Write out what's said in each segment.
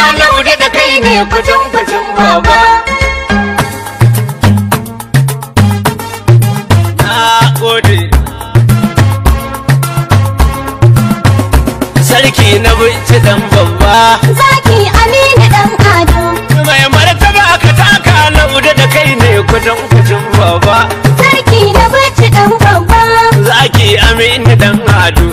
na laure da kai ne kwacin-kwacin baba Sarki na bunci dan babba Zaki Aminu dan Ado Mai martaba aka taka lauda da kai ne kwatan kwatan babba Sarki na bunci dan babba Zaki Aminu dan Ado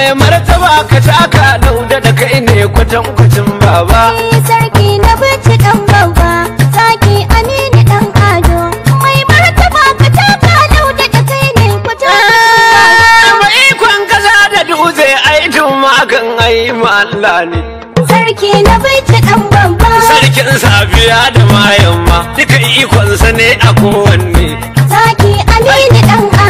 mai martaba ka taka dauda da kai ne kwatan kwacin baba sarki na bace dan baba saki amini dan ado mai martaba ka taka dauda da kai ne kwatan baba ikon kaza da dutse ai juma kan ai ma Allah ne sarki na bace dan baba sarkin safiya da mayamma duka sa ne a kowanne saki amini dan ado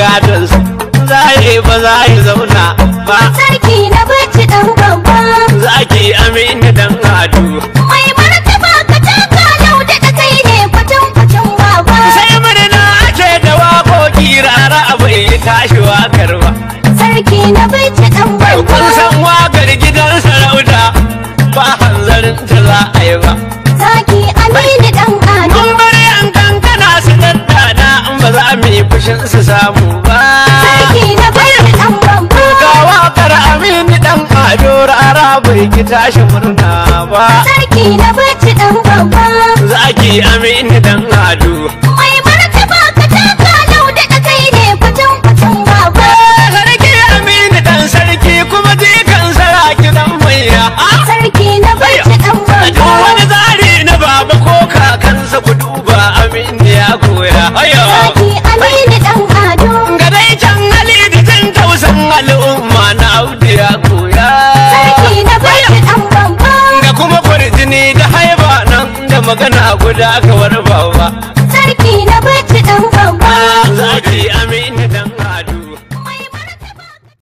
gadon su zai ba yi zauna ba sarki na bacci dan babba zaki amina dan ado tashi murna ba sarki na bacci dan babba zaki amini dan ado mai martaba ka taka lauda da kai ne kwatan kwatan baba sarki amini dan sarki kuma je kan sarki dan maiya sarki na bacci dan Duk wani zari na baba ko kakansa ku duba amini ya koya ayo magana a guda aka wani babba sarki na bace dan babba